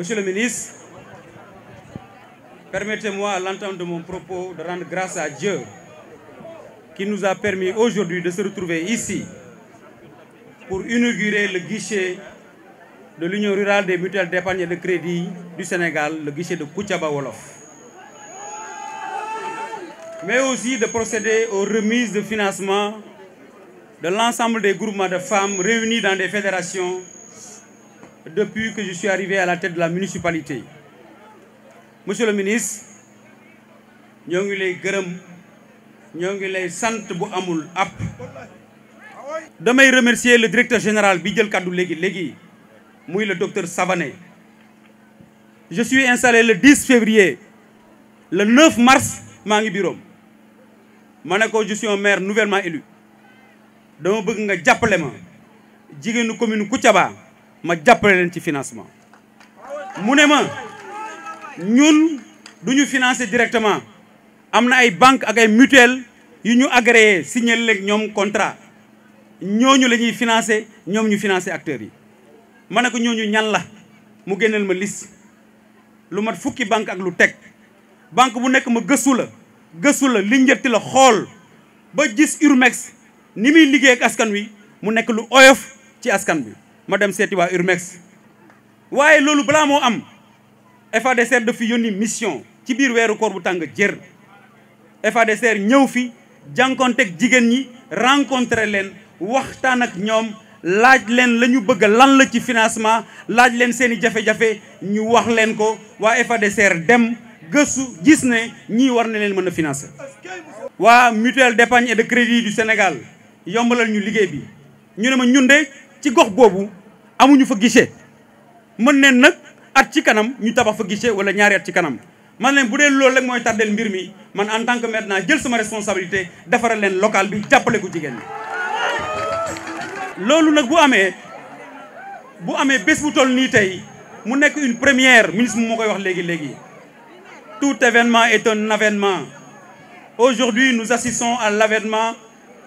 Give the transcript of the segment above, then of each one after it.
Monsieur le ministre, permettez-moi, à l'entente de mon propos, de rendre grâce à Dieu qui nous a permis aujourd'hui de se retrouver ici pour inaugurer le guichet de l'Union rurale des mutuelles d'épargne et de crédit du Sénégal, le guichet de Koutiaba Wolof. Mais aussi de procéder aux remises de financement de l'ensemble des groupements de femmes réunis dans des fédérations depuis que je suis arrivé à la tête de la municipalité monsieur le ministre ñoo ngi lay gërëm ñoo ngi lay sant bu amul ab damay remercier le directeur général bi jël kàddu léegi léegi muy le docteur Savané je suis installé le 10 février le 9 mars maa ngi bureau ma ne ko je maire nouvellement élu dama bëgg nga jàppale ma jigéenu commune Koutiaba ma jàppale leen ci financement mu ne ma ñun du ñu financer directement am na ay banque ak ay mutuelle yu ñu agréé signé léeg ñoom contrat ñooñu la ñuy financer ñoom ñu financer acteurs yi ma ne ko ñooñu ñan la mu génneel ma lis lu mat fukki banque ak lu teg banque bu nekk ma gëstu la gëstu la li njëtti la xool ba gis urmex ni muy liggéey askan wi mu nekk lu oyof ci askan bi ma dem seeti waa Urmex waaye loolu balaa moo am FADCR dafa yónni mission ci biir weeru koor bu tàng jër FADCR ñëw fi jànkoonteeg jigéen ñi rencontré leen waxtaan ak ñoom laaj leen la ñu bëgg lan la ci financement laaj leen seen i jafe-jafe ñu wax leen ko waa FADCR dem gëstu gis ne ñii war na leen mën a financer. waa mutuel d'épargne et de crédit du Sénégal yombalal ñu liggéey bi ñu ne ma ñun de ci gox boobu. amuñu fa guichet mën neen nag at ci kanam ñu tabax fa guichet wala ñaari at ci kanam man leen bu dee loolu rek mooy tardeel mbir mi man en tant que maire naa jël sama responsabilité defaral leen local bi jàppale ko jigéen ñi. loolu nag bu amee bu amee bés bu toll nii tey mu nekk une première ministre mu moo koy wax léegi léegi tout événement est un avènement aujourd'hui nu assistons à l'avènement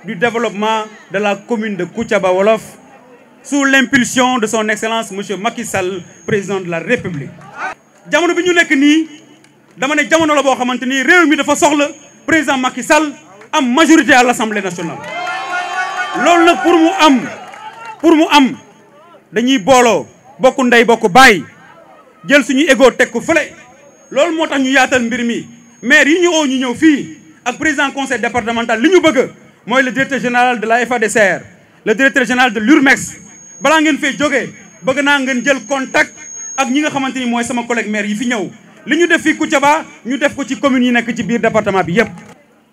du développement de la commune de ba Wolof sous l'impulsion de son excellence monsieur Macky Sall président de la république. jamono bi ñu nekk nii dama ne jamono la boo xamante ni réew mi dafa soxla président Macky Sall am majorité à l'Assemblée nationale. loolu nag pour mu am pour mu am dañuy booloo bokk ndey bokk baay jël suñu égo teg ko fële loolu moo tax ñu yaatal mbir mi maire yi ñu oo ñu ñëw fii ak président conseil départemental li ñu bëgg mooy le directeur général de la FADCR le directeur général de l'URMEX balaa ngeen fee jóge bëgg naa ngeen jël contact ak ñi nga xamante ni mooy sama collègue maire yi fi ñëw li ñu def fii Kouthiaba ñu def ko ci communes yi nekk ci biir département bi yépp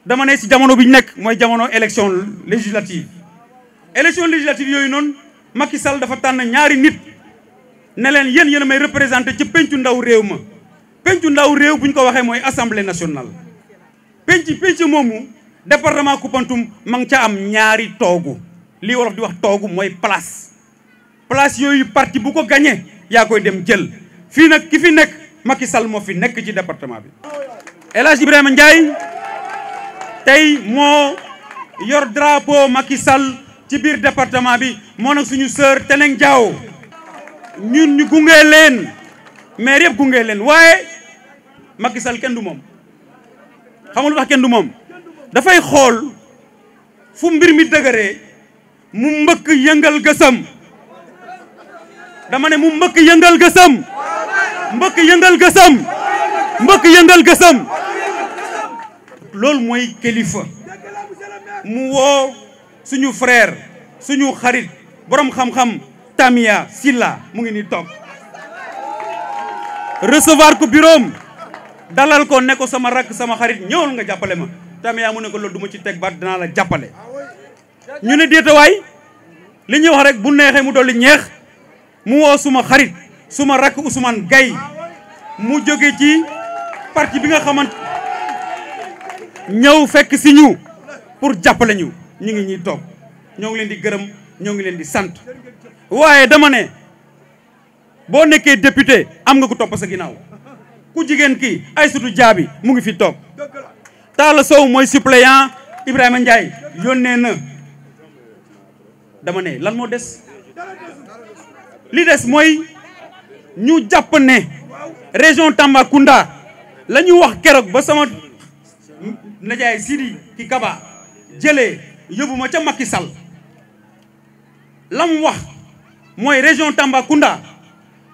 dama ne si jamono bi ñu nekk mooy jamono élection législative élection législative yooyu noonu Macky Sall dafa tànn ñaari nit ne leen yéen yéen a may représenté ci pencu ndaw réew ma pencu ndaw réew bu ñu ko waxee mooy assemblée nationale penc penc moomu département Koupantoum ma ngi ca am ñaari toogu lii di wax toogu mooy place place yooyu parti bu ko gagné yaa koy dem jël fii nag ki fi nekk Macky Sall moo fi nekk ci département bi El Hadj Ibrahima Ndiaye tey moo yor drapo Macky Sall ci biir département bi moo nag suñu sœur Teneng Diao ñun ñu gunge leen maire yëpp gunge leen waaye Macky Sall kenn du moom xamul tax kenn du moom dafay xool fu mbir mi dëgëree mu mbëkk yëngal gësam dama ne mu mbëkk yëngal gësëm mbëkk yëngal gësëm mbëkk yëngal gësëm loolu mooy kilifa mu woo suñu frère suñu xarit boroom xam-xam Tamia Silla mu ngi ni toog recevoir ko bureau dalal ko ne ko sama rakk sama xarit ñëwal nga jàppale ma Tamia mu ne ko loolu du ci teg baat dinaa la jàppale ñu ne déetawaay li ñuy wax rek bu neexee mu dolli ñeex mu woo suma xarit suma rakk Ousmane Gaye mu jóge ci parti bi nga xamante ñëw fekk si ñu pour jàppale ñu ñu ngi ñuy toog ñoo ngi leen di gërëm ñoo ngi leen di sant waaye dama ne boo nekkee député am nga ko topp sa ginnaaw ku jigéen ay Aïssatou jaabi mu ngi fi toog Talla Sow mooy suppléant Ibrahima Ndiaye yónnee na dama ne lan moo des li des mooy ñu jàpp ne région Tambacounda la ñu wax keroog ba sama najaay Sidi ki Kaba jëlee yóbbu ca Macky Sall la mu wax mooy région Tambacounda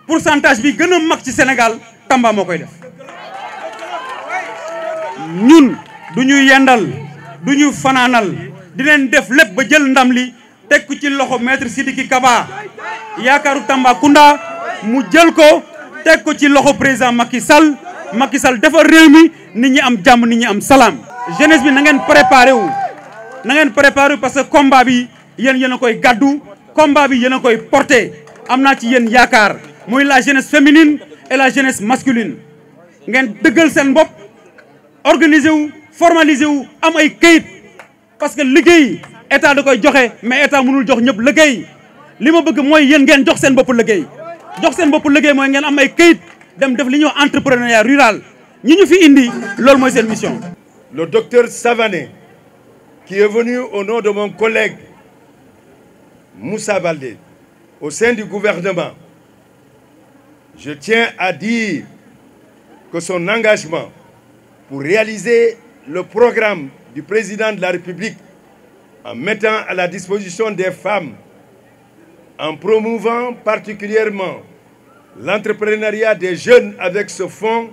pourcentage bi gën a mag ci senegal Tamba moo koy def ñun du ñu yendal du fanaanal di leen def lépp ba jël ndam li teg ko ci loxo maître Sidiki Kaba yaakaaru Tambacounda mu jël ko teg ko ci loxo président Macky Sall Macky Sall defar réew mi ni ñi am jàmm ni ñi am salaam. jeunesse bi na ngeen préparé wu na ngeen préparé parce que combat bi yéen yéen a koy gàddu combat bi yéen a koy porté am naa ci yéen yaakaar muy la jeunesse féminine et la jeunesse masculine ngeen dëggal seen bopp organiser wu formaliser wu am ay këyit parce que liggéey état da koy joxe mais état mënul jox ñëpp liggéey. li ma bëgg mooy yéen ngeen jox seen bopp liggéey jox seen bopp liggéey mooy ngeen am ay këyit dem def li ñuy wax entrepreneuriat rural ñi ñu fi indi loolu mooy seen mission. le docteur Savané qui est venu au nom de mon collègue Moussa Baldé au sein du gouvernement je tiens à dire que son engagement pour réaliser le programme du président de la République en mettant à la disposition des femmes en promouvant particulièrement l'entrepreneuriat des jeunes avec ce fonds,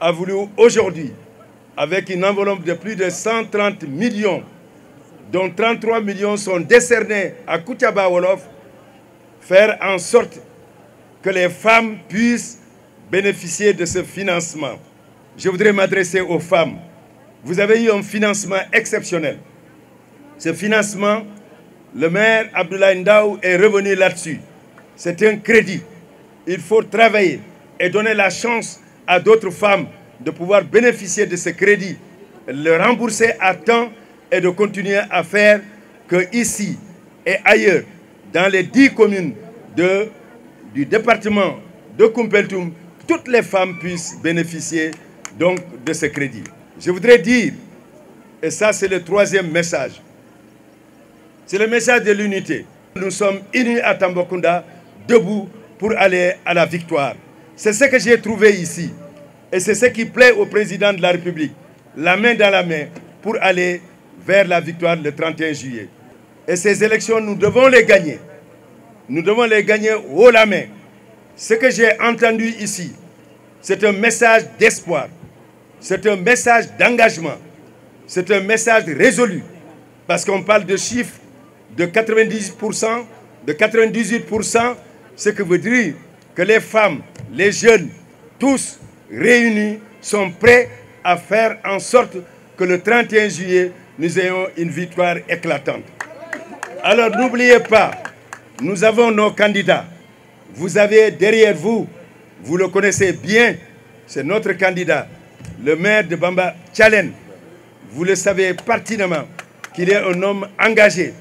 a voulu aujourd'hui, avec une enveloppe de plus de 130 millions, dont 33 millions sont décernés à Koutiaba Wolof, faire en sorte que femmes puissent bénéficier de financement. Je voudrais m'adresser femmes. Vous avez financement exceptionnel. Ce financement Le maire Abdoulaye Ndaou est revenu là-dessus. C'est un crédit. Il faut travailler et donner la chance à d'autres femmes de pouvoir bénéficier de ce crédit, le rembourser à temps et de continuer à faire que ici et ailleurs, dans les dix communes de, du département de Kumpeltum, toutes les femmes puissent bénéficier donc de ce crédit. Je voudrais dire, et ça c'est le troisième message, C'est le message de l'unité. Nous sommes unis à Tambacounda, debout pour aller à la victoire. C'est ce que j'ai trouvé ici. Et c'est ce qui plaît au président de la République. La main dans la main pour aller vers la victoire le 31 juillet. Et ces élections, nous devons les gagner. Nous devons les gagner haut la main. Ce que j'ai entendu ici, c'est un message d'espoir. C'est un message d'engagement. C'est un message résolu. Parce qu'on parle de chiffres de 98%, de 98%, ce que veut dire que les femmes, les jeunes, tous réunis, sont à faire en sorte que le 31 juillet, nous ayons une victoire éclatante. Alors n'oubliez pas, nous avons nos candidats. Vous avez derrière vous, vous le connaissez Bamba Tchalen. Vous le savez pertinemment qu'il un homme engagé,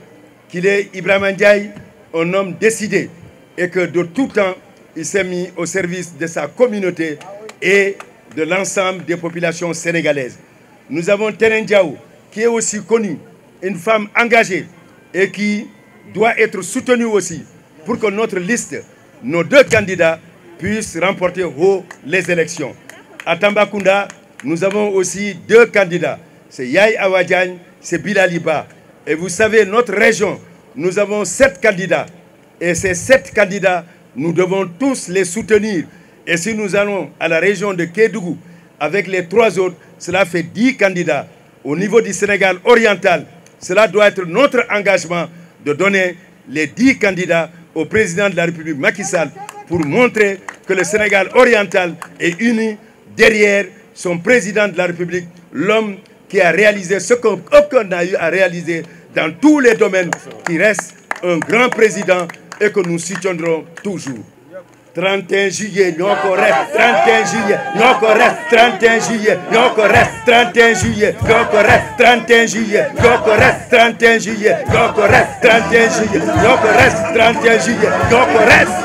qu'il est Ibrahim Ndiaye, un homme décidé et que de tout temps, il s'est mis au service de sa communauté et de l'ensemble des populations sénégalaises. Nous avons Teren Diaw, qui est aussi connue, une femme engagée et qui doit être soutenue aussi pour que notre liste, nos deux candidats, puissent remporter haut les élections. À Tambacounda, nous avons aussi deux candidats. C'est Yaï Awadjan, c'est Bilaliba. Et vous savez, notre région, nous avons sept candidats. Et ces sept candidats, nous devons tous les soutenir. Et si nous allons à la région de Kédougou, avec les trois autres, cela fait dix candidats. Au niveau du Sénégal oriental, cela doit être notre engagement de donner les dix candidats au président de la République Macky pour montrer que le Sénégal oriental est uni derrière son président de la République, l'homme qui a réalisé ce qu'aucun n'a eu à réaliser dans tous les domaines, qui reste un grand président et que nous soutiendrons toujours. 31 juillet ñoo ko res 31 juillet juillet juillet juillet juillet juillet juillet